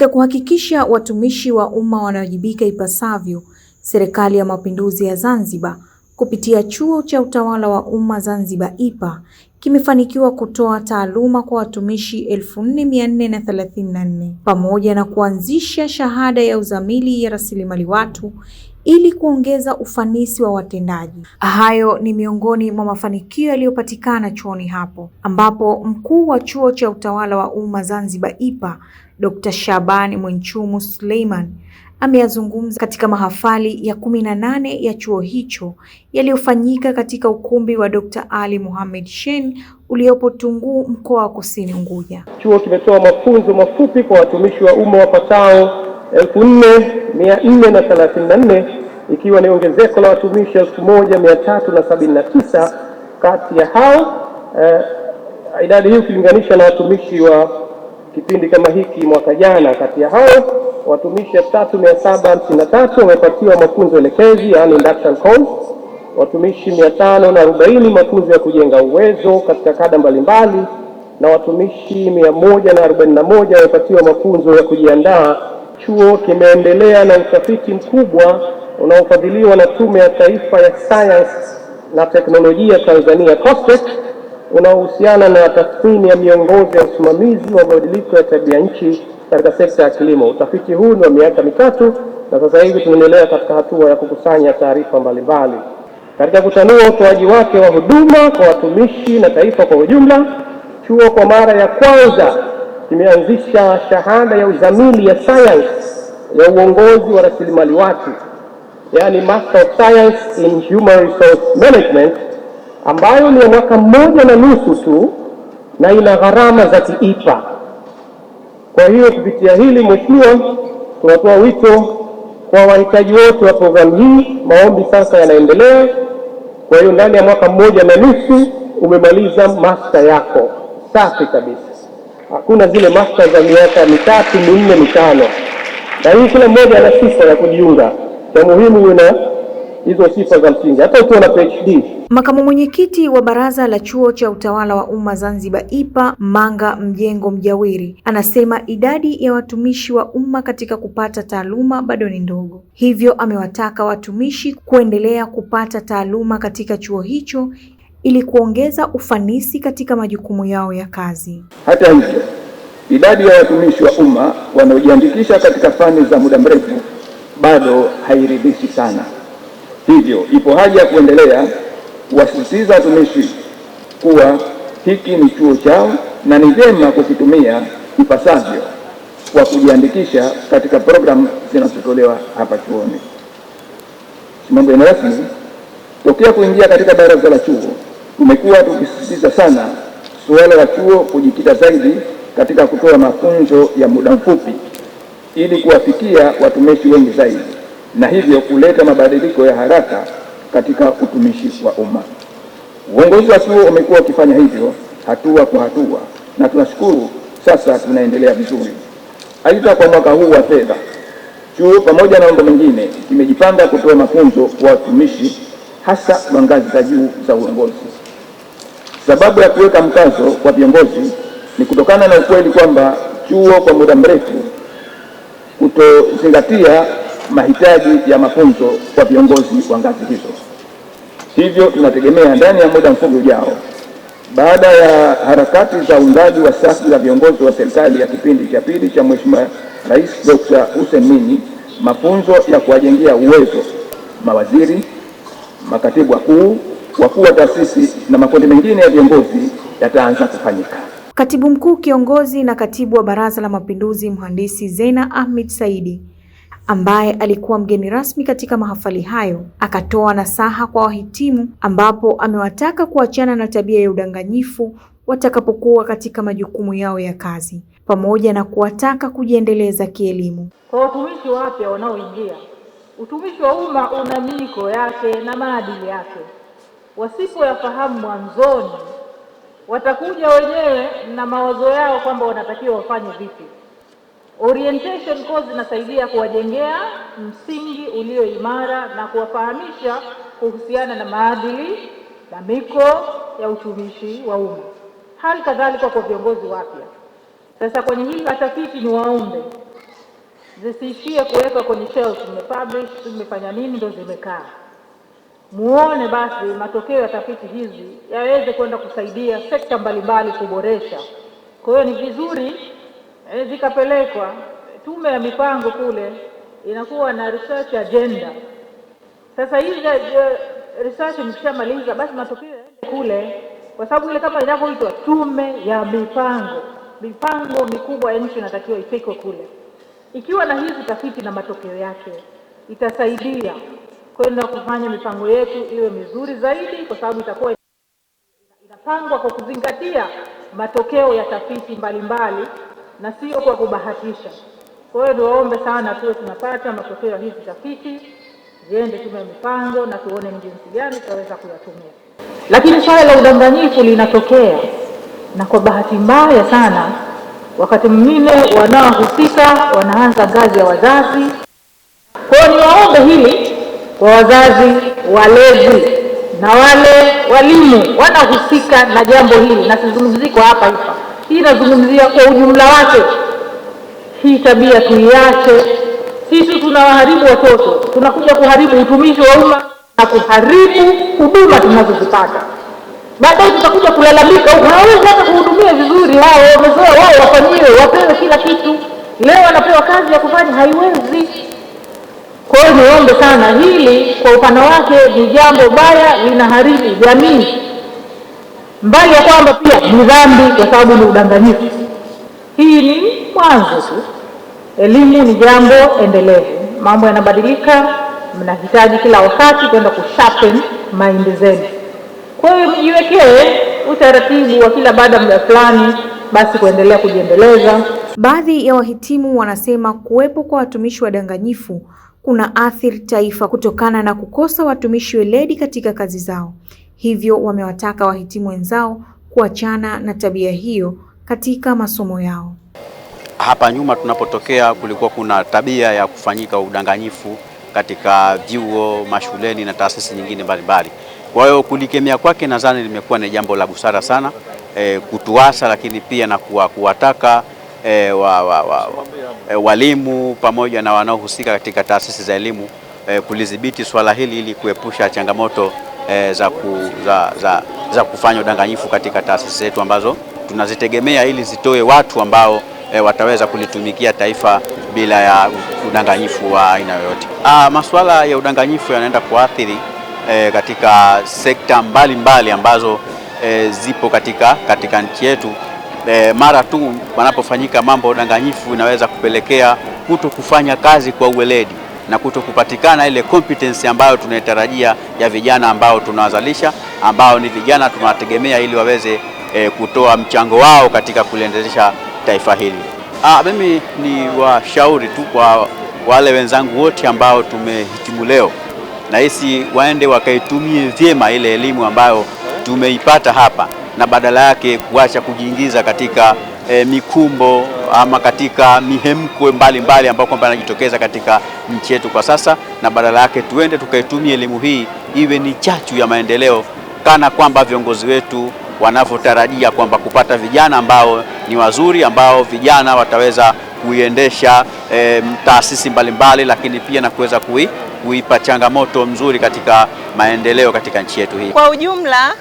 Katika kuhakikisha watumishi wa umma wanawajibika ipasavyo, Serikali ya Mapinduzi ya Zanzibar kupitia Chuo cha Utawala wa Umma Zanzibar IPA kimefanikiwa kutoa taaluma kwa watumishi 4434 pamoja na kuanzisha shahada ya uzamili ya rasilimali watu ili kuongeza ufanisi wa watendaji. Hayo ni miongoni mwa mafanikio yaliyopatikana chuoni hapo, ambapo mkuu wa Chuo cha Utawala wa Umma Zanzibar IPA dr Shabani Mwenchumu Suleiman ameyazungumza katika mahafali ya kumi na nane ya chuo hicho yaliyofanyika katika ukumbi wa dr Ali Mohamed Shein uliopo Tunguu, mkoa wa Kusini Unguja. Chuo kimetoa mafunzo mafupi kwa watumishi wa umma wapatao 4434 ikiwa ni ongezeko la watumishi 1379 kati ya hao eh, idadi hii ukilinganisha na watumishi wa kipindi kama hiki mwaka jana, kati ya hao watumishi elfu tatu mia saba hamsini na tatu wamepatiwa mafunzo elekezi, yani induction course, watumishi mia tano na arobaini mafunzo ya kujenga uwezo katika kada mbalimbali, na watumishi mia moja na arobaini na moja wamepatiwa mafunzo ya kujiandaa. Chuo kimeendelea na utafiti mkubwa unaofadhiliwa na Tume ya Taifa ya Sayansi na Teknolojia Tanzania COSTECH unaohusiana na tathmini ya miongozo ya usimamizi wa mabadiliko ya tabia nchi katika sekta ya kilimo. Utafiti huu ni wa miaka mitatu na sasa hivi tunaendelea katika hatua ya kukusanya taarifa mbalimbali katika kutanua utoaji wake wa huduma kwa watumishi na taifa kwa ujumla. Chuo kwa mara ya kwanza kimeanzisha shahada ya uzamili ya science ya uongozi wa rasilimali watu, yani Master of Science in Human Resource Management ambayo ni mwaka mmoja na nusu tu na ina gharama za tiipa. Kwa hiyo kupitia hili mheshimiwa, tunatoa wito kwa wahitaji wote wa programu hii. Maombi sasa yanaendelea. Kwa hiyo ndani ya mwaka mmoja na nusu umemaliza master yako safi kabisa, hakuna zile master za miaka mitatu minne mitano, na hii kila mmoja ana sifa ya kujiunga. Cha muhimu yuna hizo sifa za msingi, hata ukiwa na PhD. Makamu mwenyekiti wa Baraza la Chuo cha Utawala wa Umma Zanzibar IPA, Manga Mjengo Mjawiri, anasema idadi ya watumishi wa umma katika kupata taaluma bado ni ndogo, hivyo amewataka watumishi kuendelea kupata taaluma katika chuo hicho ili kuongeza ufanisi katika majukumu yao ya kazi. Hata hivyo, idadi ya watumishi wa umma wanaojiandikisha katika fani za muda mrefu bado hairidhishi sana. Hivyo ipo haja ya kuendelea kuwasisitiza watumishi kuwa hiki ni chuo chao na ni vyema kukitumia ipasavyo kwa kujiandikisha katika programu zinazotolewa hapa chuoni. Mheshimiwa mgeni rasmi, tokea kuingia katika baraza la chuo tumekuwa tukisisitiza sana suala la chuo kujikita zaidi katika kutoa mafunzo ya muda mfupi ili kuwafikia watumishi wengi zaidi na hivyo kuleta mabadiliko ya haraka katika utumishi wa umma. Uongozi wa chuo umekuwa ukifanya hivyo hatua kwa hatua na tunashukuru sasa tunaendelea vizuri. Aidha, kwa mwaka huu wa fedha chuo pamoja na mambo mengine kimejipanga kutoa mafunzo kwa watumishi hasa wa ngazi za juu za uongozi. Sababu ya kuweka mkazo kwa viongozi ni kutokana na ukweli kwamba chuo kwa muda mrefu kutozingatia mahitaji ya mafunzo kwa viongozi wa ngazi hizo. Hivyo tunategemea ndani ya muda mfupi ujao, baada ya harakati za uundaji wa safu za viongozi wa serikali ya kipindi cha pili cha Mheshimiwa Rais Dr. Hussein Mwinyi, mafunzo ya kuwajengea uwezo mawaziri, makatibu wakuu, wakuu wa taasisi na makundi mengine ya viongozi yataanza kufanyika. Katibu mkuu kiongozi na katibu wa Baraza la Mapinduzi, Mhandisi Zena Ahmed Saidi ambaye alikuwa mgeni rasmi katika mahafali hayo akatoa nasaha kwa wahitimu, ambapo amewataka kuachana na tabia ya udanganyifu watakapokuwa katika majukumu yao ya kazi, pamoja na kuwataka kujiendeleza kielimu. Kwa watumishi wapya wanaoingia, utumishi wa umma una miiko yake na maadili yake. Wasipoyafahamu mwanzoni, watakuja wenyewe na mawazo yao kwamba wanatakiwa wafanye vipi Orientation course zinasaidia kuwajengea msingi ulio imara na kuwafahamisha kuhusiana na maadili na miko ya utumishi wa umma, hali kadhalika kwa viongozi wapya. Sasa kwenye hili la tafiti, ni waombe zisiishie kuweka kwenye shelf, tumepublish tumefanya nini, ndo zimekaa. Muone basi matokeo ya tafiti hizi yaweze kwenda kusaidia sekta mbalimbali kuboresha. Kwa hiyo ni vizuri Eh, zikapelekwa tume ya mipango kule, inakuwa na research agenda. Sasa hizi eh, research mkishamaliza, basi matokeo yaende kule, kwa sababu ile kama inavyoitwa tume ya mipango, mipango mikubwa ya nchi inatakiwa ifike kule, ikiwa na hizi tafiti na matokeo yake itasaidia kwenda kufanya mipango yetu iwe mizuri zaidi, kwa sababu itakuwa inapangwa kwa kuzingatia matokeo ya tafiti mbalimbali na sio kwa kubahatisha. Kwa hiyo niwaombe sana, tuwe tunapata matokeo ya hizi tafiti, ziende tume mipango na tuone ni jinsi gani tutaweza kuyatumia. Lakini swala la udanganyifu linatokea, na kwa bahati mbaya sana wakati mwingine wanaohusika wanaanza ngazi ya wazazi. Kwa hiyo niwaombe hili kwa wazazi, walezi na wale walimu wanaohusika na jambo hili, na sizungumziko hapa hapa hii inazungumzia kwa ujumla wake. Hii tabia tuiache. Sisi tunawaharibu watoto, tunakuja kuharibu utumishi wa umma na kuharibu huduma tunazozipata. Baadaye tutakuja kulalamika, hawawezi hata kuhudumia vizuri, Wao wamezoea wao wafanyiwe, wapewe kila kitu. Leo anapewa kazi ya kufanya, haiwezi. Kwa hiyo niombe sana, hili kwa upana wake ni jambo baya, linaharibu jamii mbali ya kwamba pia ni dhambi kwa sababu ni udanganyifu. Hii ni mwanzo tu. Elimu ni jambo endelevu, mambo yanabadilika, mnahitaji kila wakati kwenda kusharpen maindi zenu. Kwa hiyo mjiwekee utaratibu wa kila baada ya muda fulani basi kuendelea kujiendeleza. Baadhi ya wahitimu wanasema kuwepo kwa watumishi wadanganyifu kuna athiri taifa kutokana na kukosa watumishi weledi katika kazi zao hivyo wamewataka wahitimu wenzao kuachana na tabia hiyo katika masomo yao. Hapa nyuma tunapotokea kulikuwa kuna tabia ya kufanyika udanganyifu katika vyuo, mashuleni na taasisi nyingine mbalimbali. Kwa hiyo kulikemea kwake nadhani limekuwa ni jambo la busara sana e, kutuasa lakini pia na kuwa, kuwataka e, wa, wa, wa, e, walimu pamoja na wanaohusika katika taasisi za elimu e, kulidhibiti swala hili ili kuepusha changamoto e, za, ku, za, za, za kufanya udanganyifu katika taasisi zetu ambazo tunazitegemea ili zitoe watu ambao e, wataweza kulitumikia taifa bila ya udanganyifu wa aina yoyote. Ah, masuala ya udanganyifu yanaenda kuathiri e, katika sekta mbalimbali mbali ambazo e, zipo katika, katika nchi yetu. E, mara tu wanapofanyika mambo ya udanganyifu inaweza kupelekea kuto kufanya kazi kwa uweledi na kutokupatikana kupatikana ile competence ambayo tunaitarajia ya vijana ambao tunawazalisha ambao ni vijana tunawategemea ili waweze e, kutoa mchango wao katika kuliendelesha taifa hili. Ah, mimi ni washauri tu kwa wale wenzangu wote ambao tumehitimu leo, nahisi waende wakaitumie vyema ile elimu ambayo tumeipata hapa na badala yake kuacha kujiingiza katika e, mikumbo ama katika mihemko mbalimbali ambayo kwamba yanajitokeza katika nchi yetu kwa sasa, na badala yake tuende tukaitumia elimu hii iwe ni chachu ya maendeleo, kana kwamba viongozi wetu wanavyotarajia kwamba kupata vijana ambao ni wazuri, ambao vijana wataweza kuiendesha e, taasisi mbalimbali, lakini pia na kuweza kui, kuipa changamoto mzuri katika maendeleo katika nchi yetu hii kwa ujumla.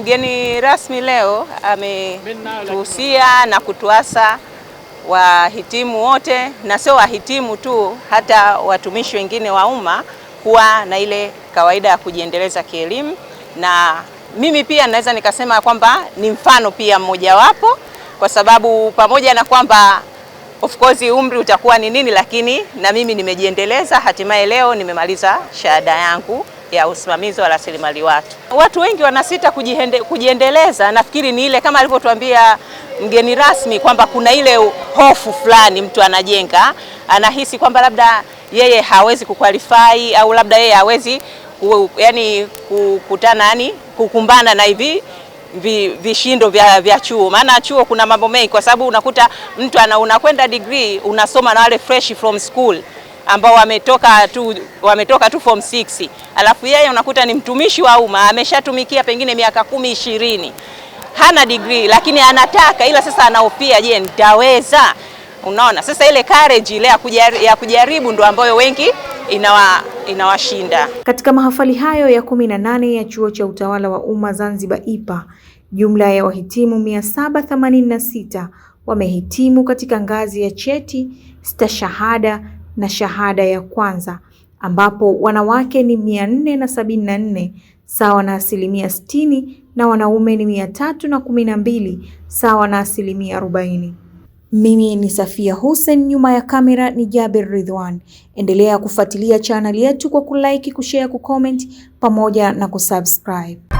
Mgeni rasmi leo ametuhusia na kutuasa wahitimu wote na sio wahitimu tu, hata watumishi wengine wa umma kuwa na ile kawaida ya kujiendeleza kielimu. Na mimi pia naweza nikasema kwamba ni mfano pia mmojawapo, kwa sababu pamoja na kwamba of course umri utakuwa ni nini, lakini na mimi nimejiendeleza, hatimaye leo nimemaliza shahada yangu ya usimamizi wa rasilimali watu. Watu wengi wanasita kujihende, kujiendeleza. Nafikiri ni ile kama alivyotuambia mgeni rasmi kwamba kuna ile hofu fulani mtu anajenga, anahisi kwamba labda yeye hawezi kukwalifai au labda yeye hawezi ku, yani kukutana yani kukumbana na hivi vishindo vya, vya chuo. Maana chuo kuna mambo mengi, kwa sababu unakuta mtu ana unakwenda degree unasoma na wale fresh from school ambao wametoka tu, wametoka tu form 6 alafu yeye unakuta ni mtumishi wa umma ameshatumikia pengine miaka kumi ishirini, hana degree lakini anataka, ila sasa anaofia je, nitaweza? Unaona, sasa ile courage ile ya kujaribu ndo ambayo wengi inawa inawashinda. Katika mahafali hayo ya kumi na nane ya Chuo cha Utawala wa Umma Zanzibar IPA, jumla ya wahitimu 786 wamehitimu katika ngazi ya cheti, stashahada na shahada ya kwanza ambapo wanawake ni mia nne na sabini na nne sawa na asilimia sitini na wanaume ni mia tatu na kumi na mbili sawa na asilimia arobaini. Mimi ni Safia Hussein, nyuma ya kamera ni Jabir Ridwan. Endelea kufuatilia channel yetu kwa kulike, kushare, kucomment pamoja na kusubscribe.